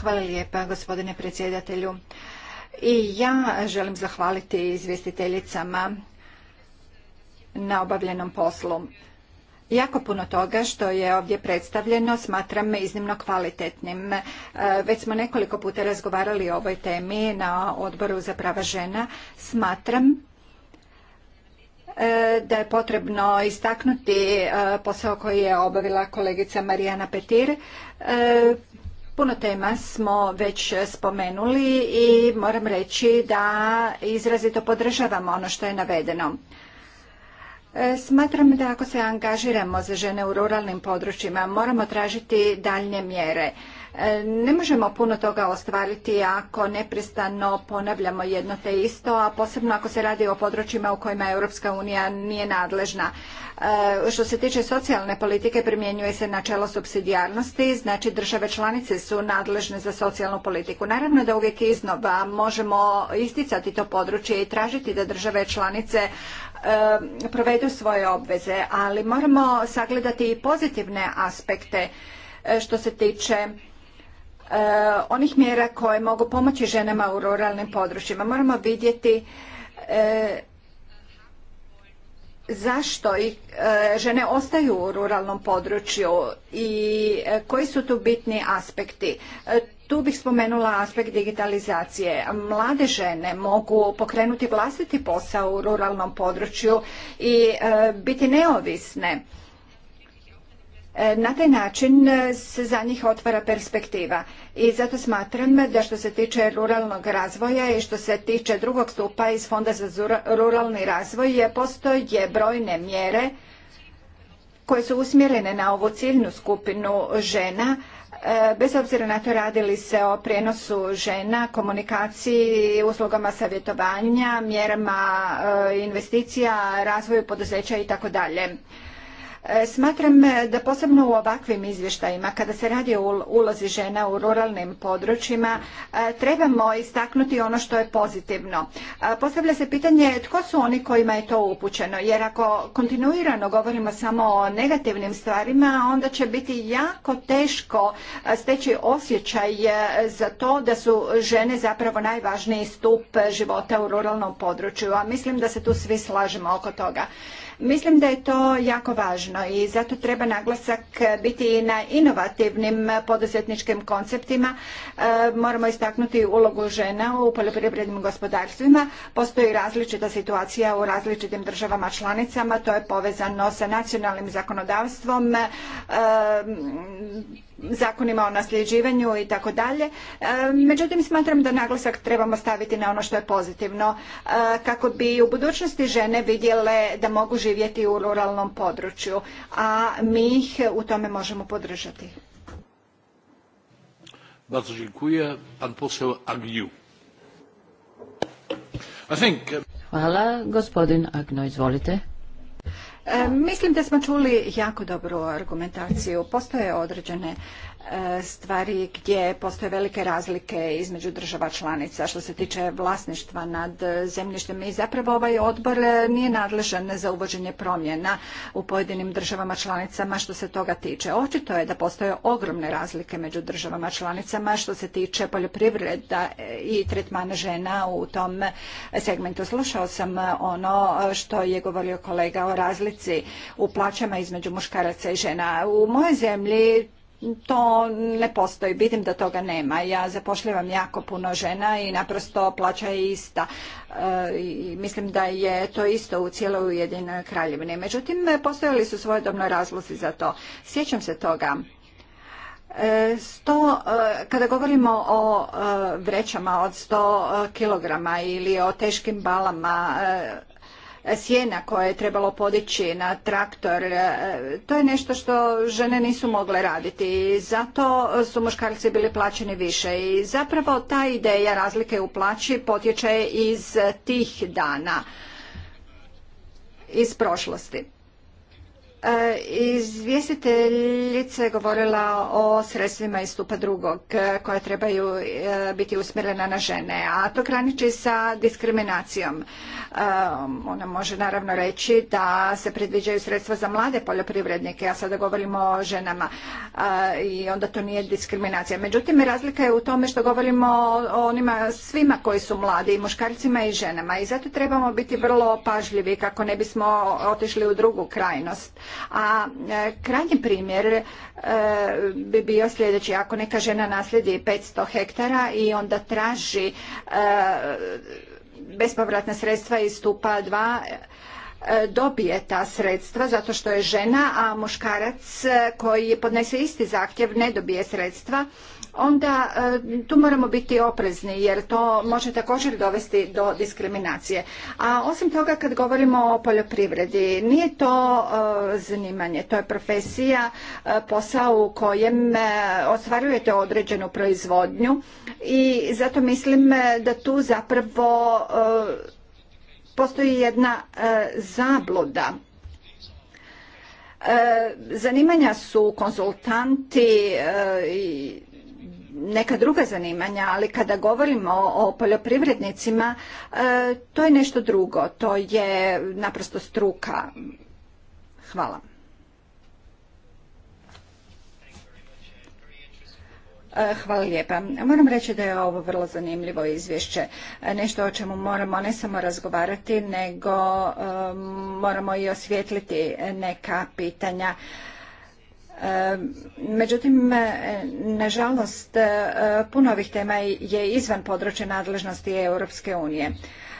Hvala lijepa gospodine predsjedatelju. I ja želim zahvaliti izvjestiteljicama na obavljenom poslu. Jako puno toga što je ovdje predstavljeno smatram iznimno kvalitetnim. E, već smo nekoliko puta razgovarali o ovoj temi na odboru za prava žena. Smatram e, da je potrebno istaknuti e, posao koji je obavila kolegica Marijana Petir. Puno tema smo već spomenuli i moram reći da izrazito podržavamo ono što je navedeno. E, smatram da ako se angažiramo za žene u ruralnim područjima, moramo tražiti daljnje mjere. E, ne možemo puno toga ostvariti ako neprestano ponavljamo jedno te isto, a posebno ako se radi o područjima u kojima Europska unija nije nadležna. E, što se tiče socijalne politike primjenjuje se načelo subsidijarnosti, znači države članice su nadležne za socijalnu politiku. Naravno da uvijek iznova možemo isticati to područje i tražiti da države članice e, provedu svoje obveze, ali moramo sagledati i pozitivne aspekte što se tiče Eh, onih mjera koje mogu pomoći ženama u ruralnim područjima. Moramo vidjeti eh, zašto eh, žene ostaju u ruralnom području i koji su tu bitni aspekti. Tu bih spomenula aspekt digitalizacije. Mlade žene mogu pokrenuti vlastiti posao u ruralnom području i biti neovisne E, na taj način e, se za njih otvara perspektiva i zato smatram da što se tiče ruralnog razvoja i što se tiče drugog stupa iz Fonda za ruralni razvoj postoje brojne mjere koje su usmjerene na ovu ciljnu skupinu žena e, bez obzira na to radili se o prijenosu žena, komunikaciji, uslugama savjetovanja, mjerama investicija, razvoju poduzeća i tako dalje. E, smatram e, da posebno u ovakvim izvještajima, kada se radi o ulozi žena u ruralnim područjima, e, trebamo istaknuti ono što je pozitivno. Postavlja se pitanje tko su oni kojima je to upućeno, jer ako kontinuirano govorimo samo o negativnim stvarima, onda će biti jako teško steći osjećaj za to da su žene zapravo najvažniji stup života u ruralnom području, a mislim da se tu svi slažemo oko toga. Mislim da je to jako važno i zato treba naglasak biti i na inovativnim poduzetničkim konceptima. E, moramo istaknuti ulogu žena u poljoprivrednim gospodarstvima. Postoji različita situacija u različitim državama članicama. To je povezano sa nacionalnim zakonodavstvom e, zakonima o nasljeđivanju i tako dalje. E, međutim, smatram da naglasak trebamo staviti na ono što je pozitivno e, kako bi u budućnosti žene vidjele da mogu živjeti u ruralnom području, a mi ih u tome možemo podržati. Hvala. Gospodin Agno, izvolite. Mislim da smo čuli jako dobru argumentaciju. Postoje određene stvari gdje postoje velike razlike između država članica što se tiče vlasništva nad zemljištem i zapravo ovaj odbor nije nadležan za uvođenje promjena u pojedinim državama članicama što se toga tiče. Očito je da postoje ogromne razlike među državama članicama što se tiče poljoprivreda i tretmana žena u tom segmentu. Slušao sam ono što je govorio kolega o razlici u plaćama između muškaraca i žena. U mojoj zemlji to ne postoji, vidim da toga nema. Ja zapošljavam jako puno žena i naprosto plaća je ista. E, i mislim da je to isto u cijeloj Ujedinjenoj kraljevini. Međutim, postojali su svojedobno razlozi za to. Sjećam se toga. E, e, kada govorimo o vrećama od 100 kilograma ili o teškim balama, sjena koje je trebalo podići na traktor. E, to je nešto što žene nisu mogle raditi i zato su muškarci bili plaćeni više i zapravo ta ideja razlike u plaći potječe iz tih dana iz prošlosti. E, izvjestiteljica je govorila o sredstvima iz stupa drugog e, koja trebaju e, biti usmjerena na žene, a to graniči sa diskriminacijom. Ona može naravno reći da se predviđaju sredstva za mlade poljoprivrednike, a sada govorimo o ženama i onda to nije diskriminacija. Međutim, razlika je u tome što govorimo o onima svima koji su mladi, i muškarcima i ženama i zato trebamo biti vrlo pažljivi kako ne bismo otišli u drugu krajnost a e, krajnji primjer e, bi bio sljedeći. Ako neka žena naslijedi 500 hektara i onda traži e, bespovratna sredstva iz stupa 2 dobije ta sredstva zato što je žena, a muškarac koji podnese isti zahtjev ne dobije sredstva onda e, tu moramo biti oprezni jer to može također dovesti do diskriminacije. A osim toga kad govorimo o poljoprivredi, nije to e, zanimanje, to je profesija, e, posao u kojem ostvarujete određenu proizvodnju i zato mislim da tu zapravo postoji jedna zabluda zanimanja su konzultanti i neka druga zanimanja, ali kada govorimo o poljoprivrednicima, e, to je nešto drugo. To je naprosto struka. Hvala. E, hvala lijepa. Moram reći da je ovo vrlo zanimljivo izvješće. E, nešto o čemu moramo ne samo razgovarati, nego moramo i osvijetliti neka pitanja. Međutim, e, nažalost, e, puno ovih tema je izvan područja nadležnosti Europske unije.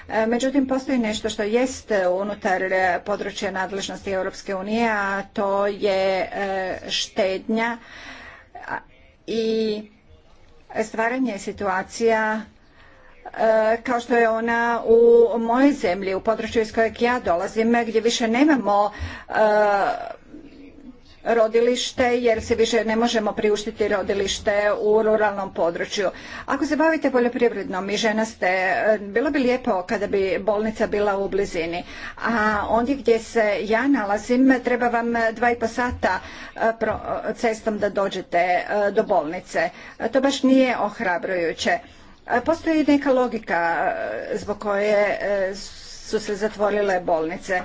E, međutim, postoji nešto što jest unutar područja nadležnosti Europske unije, a to je štednja i stvaranje situacija kao što je ona u mojoj zemlji, u području iz kojeg ja dolazim, gdje više nemamo rodilište jer se više ne možemo priuštiti rodilište u ruralnom području. Ako se bavite poljoprivrednom i žena ste, bilo bi lijepo kada bi bolnica bila u blizini. A ondje gdje se ja nalazim treba vam dva i po sata e, cestom da dođete e, do bolnice. To baš nije ohrabrujuće. E, postoji neka logika zbog koje su se zatvorile bolnice. E,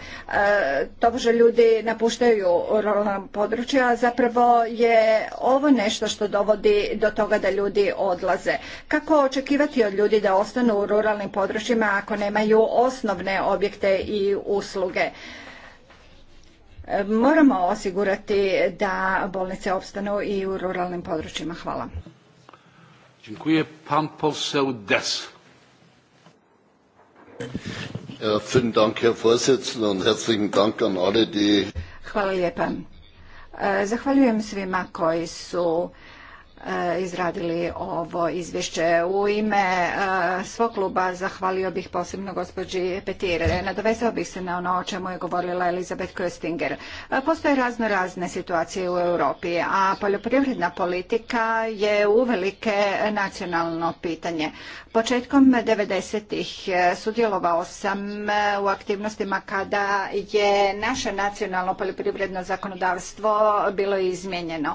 tobože ljudi napuštaju ruralna područja, a zapravo je ovo nešto što dovodi do toga da ljudi odlaze. Kako očekivati od ljudi da ostanu u ruralnim područjima ako nemaju osnovne objekte i usluge? E, moramo osigurati da bolnice opstanu i u ruralnim područjima. Hvala. Dziękuję. Pan Hvala lijepa. E, zahvaljujem svima koji su E, izradili ovo izvješće. U ime e, svog kluba zahvalio bih posebno gospođi Petir. E, nadovezao bih se na ono o čemu je govorila Elizabeth Köstinger. Postoje razno razne situacije u Europi, a poljoprivredna politika je uvelike nacionalno pitanje. Početkom 90-ih sudjelovao sam u aktivnostima kada je naše nacionalno poljoprivredno zakonodavstvo bilo izmijenjeno.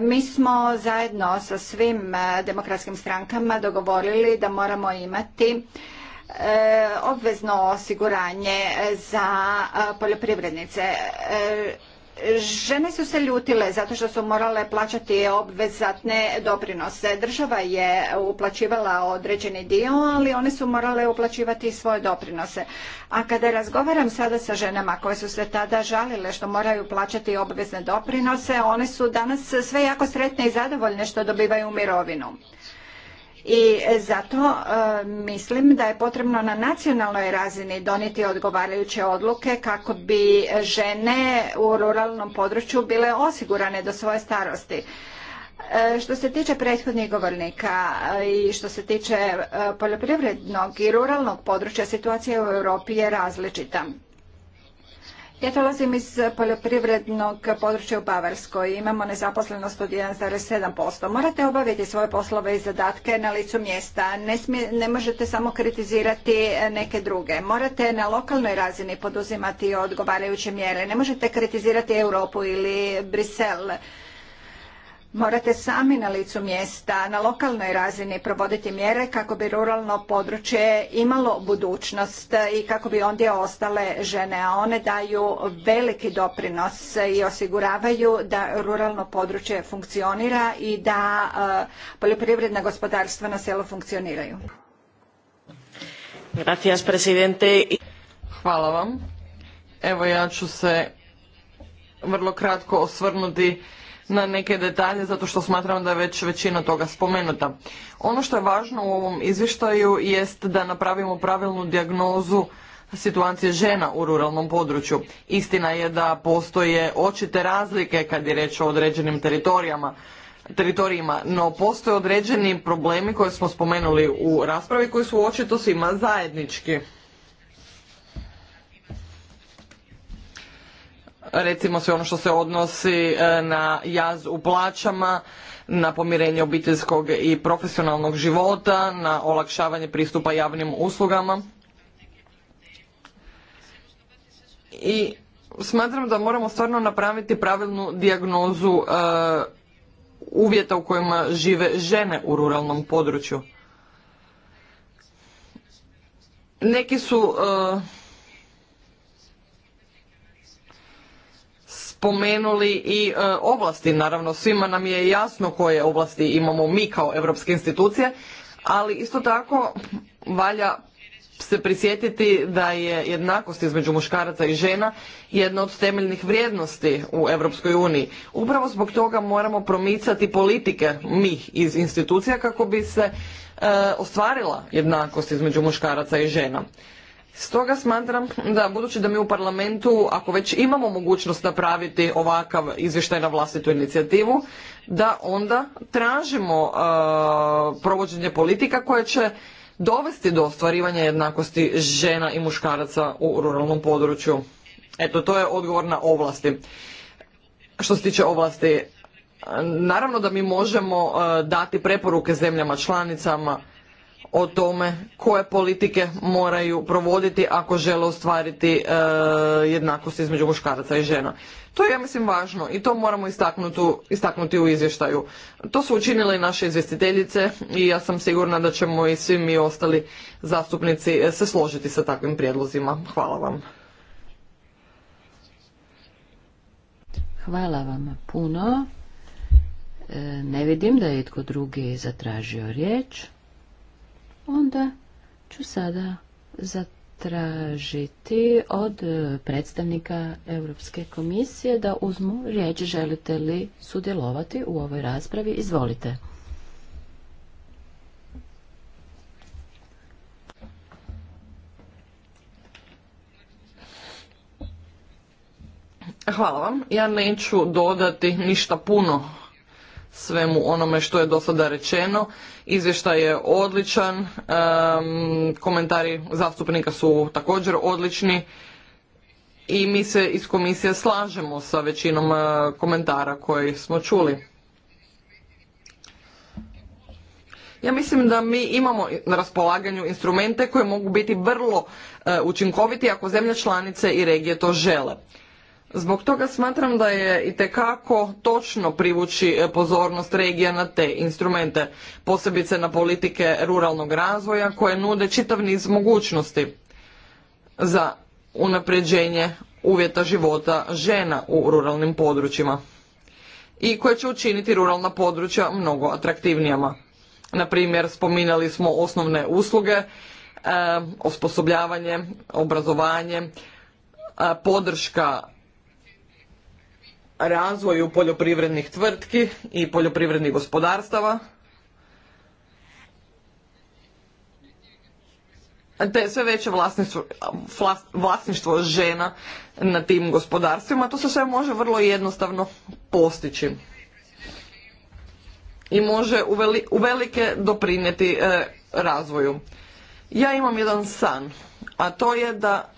Mi smo za zajedno sa svim e, demokratskim strankama dogovorili da moramo imati e, obvezno osiguranje za e, poljoprivrednice. Žene su se ljutile zato što su morale plaćati obvezatne doprinose. Država je uplaćivala određeni dio, ali one su morale uplaćivati svoje doprinose. A kada razgovaram sada sa ženama koje su se tada žalile što moraju plaćati obvezne doprinose, one su danas sve jako sretne i zadovoljne što dobivaju mirovinu. I zato e, mislim da je potrebno na nacionalnoj razini donijeti odgovarajuće odluke kako bi žene u ruralnom području bile osigurane do svoje starosti. E, što se tiče prethodnih govornika i što se tiče e, poljoprivrednog i ruralnog područja, situacija u Europi je različita. Ja dolazim iz poljoprivrednog područja u Bavarskoj. Imamo nezaposlenost od 1,7%. Morate obaviti svoje poslove i zadatke na licu mjesta. Ne, ne možete samo kritizirati neke druge. Morate na lokalnoj razini poduzimati odgovarajuće mjere. Ne možete kritizirati Europu ili Brisel Morate sami na licu mjesta, na lokalnoj razini provoditi mjere kako bi ruralno područje imalo budućnost i kako bi ondje ostale žene, a one daju veliki doprinos i osiguravaju da ruralno područje funkcionira i da e, poljoprivredna gospodarstva na selu funkcioniraju. Hvala vam. Evo ja ću se vrlo kratko osvrnuti na neke detalje zato što smatram da je već većina toga spomenuta. Ono što je važno u ovom izvještaju jest da napravimo pravilnu dijagnozu situacije žena u ruralnom području. Istina je da postoje očite razlike kad je reč o određenim teritorijama teritorijima, no postoje određeni problemi koje smo spomenuli u raspravi koji su očito svima zajednički. recimo sve ono što se odnosi e, na jaz u plaćama, na pomirenje obiteljskog i profesionalnog života, na olakšavanje pristupa javnim uslugama. I smatram da moramo stvarno napraviti pravilnu dijagnozu e, uvjeta u kojima žive žene u ruralnom području. Neki su e, spomenuli i e, oblasti. Naravno, svima nam je jasno koje oblasti imamo mi kao europske institucije, ali isto tako valja se prisjetiti da je jednakost između muškaraca i žena jedna od temeljnih vrijednosti u Europskoj uniji. Upravo zbog toga moramo promicati politike mi iz institucija kako bi se e, ostvarila jednakost između muškaraca i žena. Stoga smatram da budući da mi u parlamentu, ako već imamo mogućnost napraviti ovakav izvještaj na vlastitu inicijativu, da onda tražimo e, provođenje politika koje će dovesti do ostvarivanja jednakosti žena i muškaraca u ruralnom području. Eto, to je odgovor na ovlasti. Što se tiče ovlasti, naravno da mi možemo e, dati preporuke zemljama članicama, o tome koje politike moraju provoditi ako žele ostvariti e, jednakost između muškaraca i žena. To je, ja mislim, važno i to moramo istaknuti u izvještaju. To su učinile i naše izvjestiteljice i ja sam sigurna da ćemo i svi mi ostali zastupnici e, se složiti sa takvim prijedlozima. Hvala vam. Hvala vam puno. E, ne vidim da je itko drugi zatražio riječ onda ću sada zatražiti od e, predstavnika Europske komisije da uzmu riječ želite li sudjelovati u ovoj raspravi. Izvolite. Hvala vam. Ja neću dodati ništa puno svemu onome što je do sada rečeno. Izvještaj je odličan, komentari zastupnika su također odlični i mi se iz komisije slažemo sa većinom e, komentara koje smo čuli. Ja mislim da mi imamo na raspolaganju instrumente koji mogu biti vrlo e, učinkoviti ako zemlje članice i regije to žele. Zbog toga smatram da je itekako točno privući e, pozornost regija na te instrumente, posebice na politike ruralnog razvoja koje nude čitav niz mogućnosti za unapređenje uvjeta života žena u ruralnim područjima i koje će učiniti ruralna područja mnogo atraktivnijama. Na primjer, spominjali smo osnovne usluge, e, osposobljavanje, obrazovanje, e, podrška razvoju poljoprivrednih tvrtki i poljoprivrednih gospodarstava, te sve veće vlasništvo, vlasništvo žena na tim gospodarstvima, to se sve može vrlo jednostavno postići i može uvelike doprinijeti e, razvoju. Ja imam jedan san, a to je da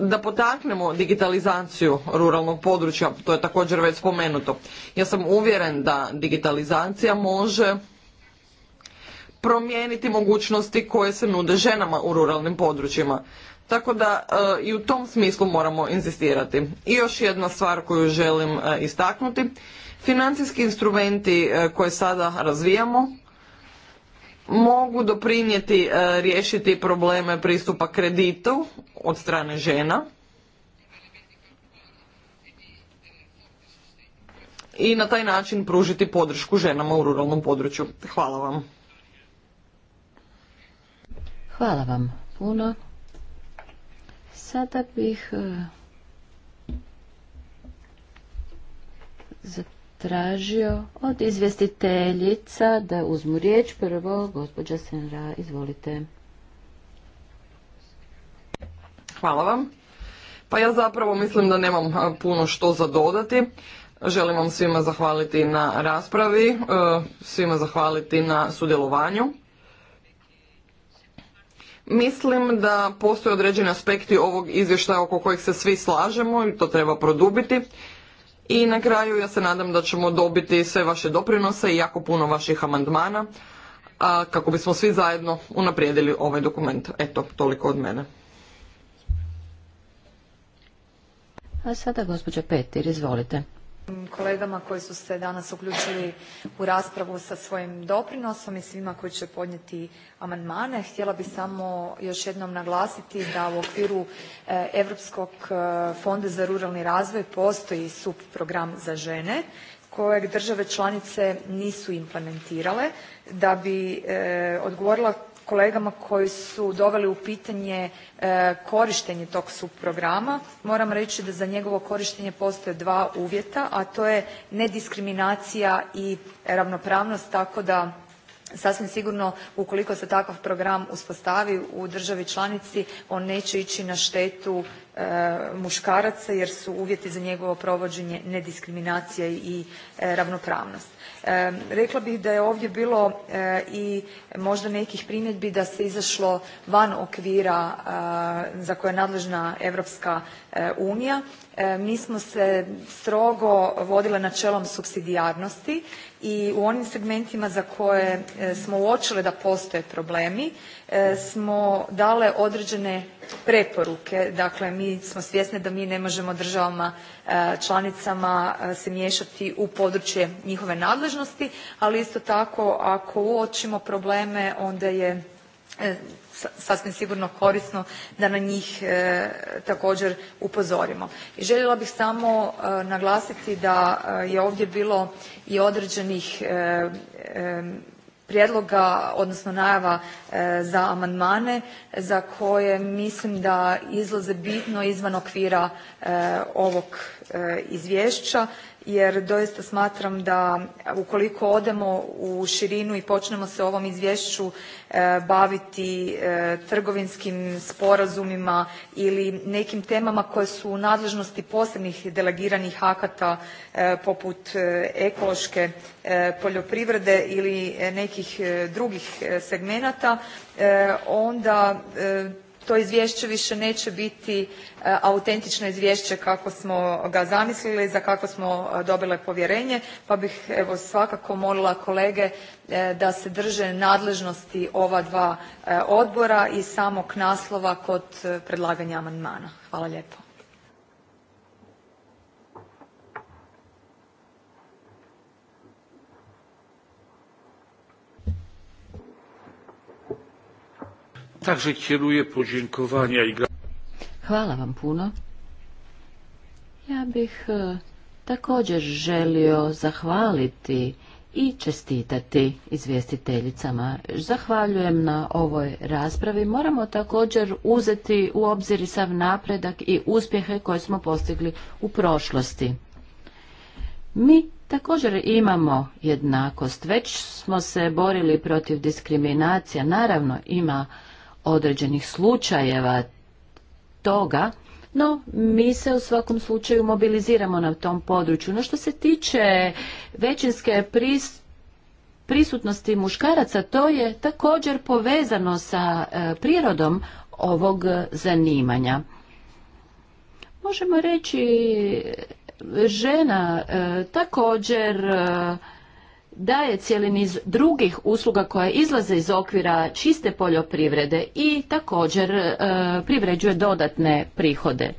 da potaknemo digitalizaciju ruralnog područja, to je također već spomenuto. Ja sam uvjeren da digitalizacija može promijeniti mogućnosti koje se nude ženama u ruralnim područjima. Tako da e, i u tom smislu moramo inzistirati. I još jedna stvar koju želim e, istaknuti. Financijski instrumenti e, koje sada razvijamo mogu doprinijeti e, riješiti probleme pristupa kreditu od strane žena i na taj način pružiti podršku ženama u ruralnom području. Hvala vam. Hvala vam puno. Sada bih e, tražio od izvjestiteljica da uzmu riječ. Prvo, gospođa Senra, izvolite. Hvala vam. Pa ja zapravo mislim da nemam puno što za dodati. Želim vam svima zahvaliti na raspravi, e, svima zahvaliti na sudjelovanju. Mislim da postoje određeni aspekti ovog izvještaja oko kojeg se svi slažemo i to treba produbiti. I na kraju ja se nadam da ćemo dobiti sve vaše doprinose i jako puno vaših amandmana kako bismo svi zajedno unaprijedili ovaj dokument. Eto, toliko od mene. A sada gospođa Petir, izvolite kolegama koji su se danas uključili u raspravu sa svojim doprinosom i svima koji će podnijeti amandmane. Htjela bih samo još jednom naglasiti da u okviru eh, Europskog eh, fonda za ruralni razvoj postoji subprogram za žene kojeg države članice nisu implementirale da bi eh, odgovorila kolegama koji su doveli u pitanje e, korištenje tog programa, moram reći da za njegovo korištenje postoje dva uvjeta a to je nediskriminacija i ravnopravnost tako da sasvim sigurno ukoliko se takav program uspostavi u državi članici on neće ići na štetu e, muškaraca jer su uvjeti za njegovo provođenje nediskriminacija i e, ravnopravnost. Rekla bih da je ovdje bilo e, i možda nekih primjedbi da se izašlo van okvira e, za koje je nadležna Europska E, unija. E, mi smo se strogo vodile načelom supsidijarnosti i u onim segmentima za koje e, smo uočile da postoje problemi smo dale određene preporuke. Dakle, mi smo svjesni da mi ne možemo državama članicama se miješati u područje njihove nadležnosti, ali isto tako ako uočimo probleme onda je E, sasvim sigurno korisno da na njih e, također upozorimo. I željela bih samo e, naglasiti da je ovdje bilo i određenih prijedloga odnosno najava za amandmane za koje mislim da izlaze bitno izvan okvira ovog izvješća jer doista smatram da ukoliko odemo u širinu i počnemo se u ovom izvješću e, baviti e, trgovinskim sporazumima ili nekim temama koje su u nadležnosti posebnih delegiranih akata e, poput ekološke poljoprivrede ili nekih drugih segmenata onda to izvješće više neće biti e, autentično izvješće kako smo ga zamislili, za kako smo e, dobili povjerenje, pa bih evo svakako molila kolege e, da se drže nadležnosti ova dva odbora i samog naslova kod predlaganja amandmana. Hvala lijepo. Także i Hvala vam puno. Ja bih e, također želio zahvaliti i čestitati izvjestiteljicama. Zahvaljujem na ovoj raspravi. Moramo također uzeti u obzir sav napredak i uspjehe koje smo postigli u prošlosti. Mi također imamo jednakost. Već smo se borili protiv diskriminacija. Naravno ima određenih slučajeva toga, no mi se u svakom slučaju mobiliziramo na tom području. No što se tiče većinske prisutnosti muškaraca to je također povezano sa e, prirodom ovog zanimanja. Možemo reći žena e, također e, daje cijeli niz drugih usluga koje izlaze iz okvira čiste poljoprivrede i također e, privređuje dodatne prihode.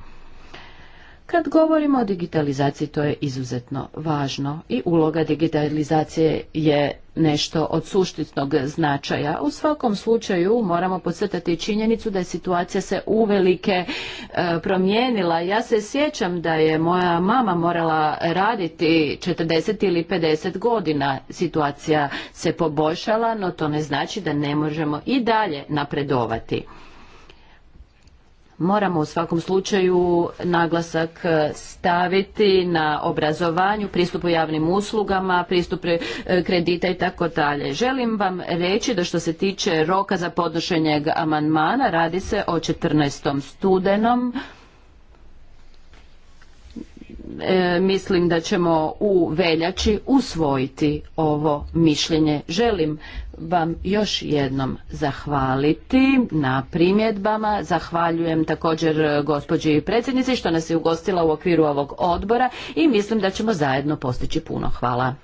Kad govorimo o digitalizaciji, to je izuzetno važno i uloga digitalizacije je nešto od suštitnog značaja. U svakom slučaju moramo podsjetati činjenicu da je situacija se uvelike e, promijenila. Ja se sjećam da je moja mama morala raditi 40 ili 50 godina. Situacija se poboljšala, no to ne znači da ne možemo i dalje napredovati. Moramo u svakom slučaju naglasak e, staviti na obrazovanju, pristupu javnim uslugama, pristup e, kredita i tako dalje. Želim vam reći da što se tiče roka za podnošenje amandmana radi se o 14. studenom E, mislim da ćemo u veljači usvojiti ovo mišljenje. Želim vam još jednom zahvaliti na primjedbama. Zahvaljujem također e, gospođi predsjednici što nas je ugostila u okviru ovog odbora i mislim da ćemo zajedno postići puno. Hvala.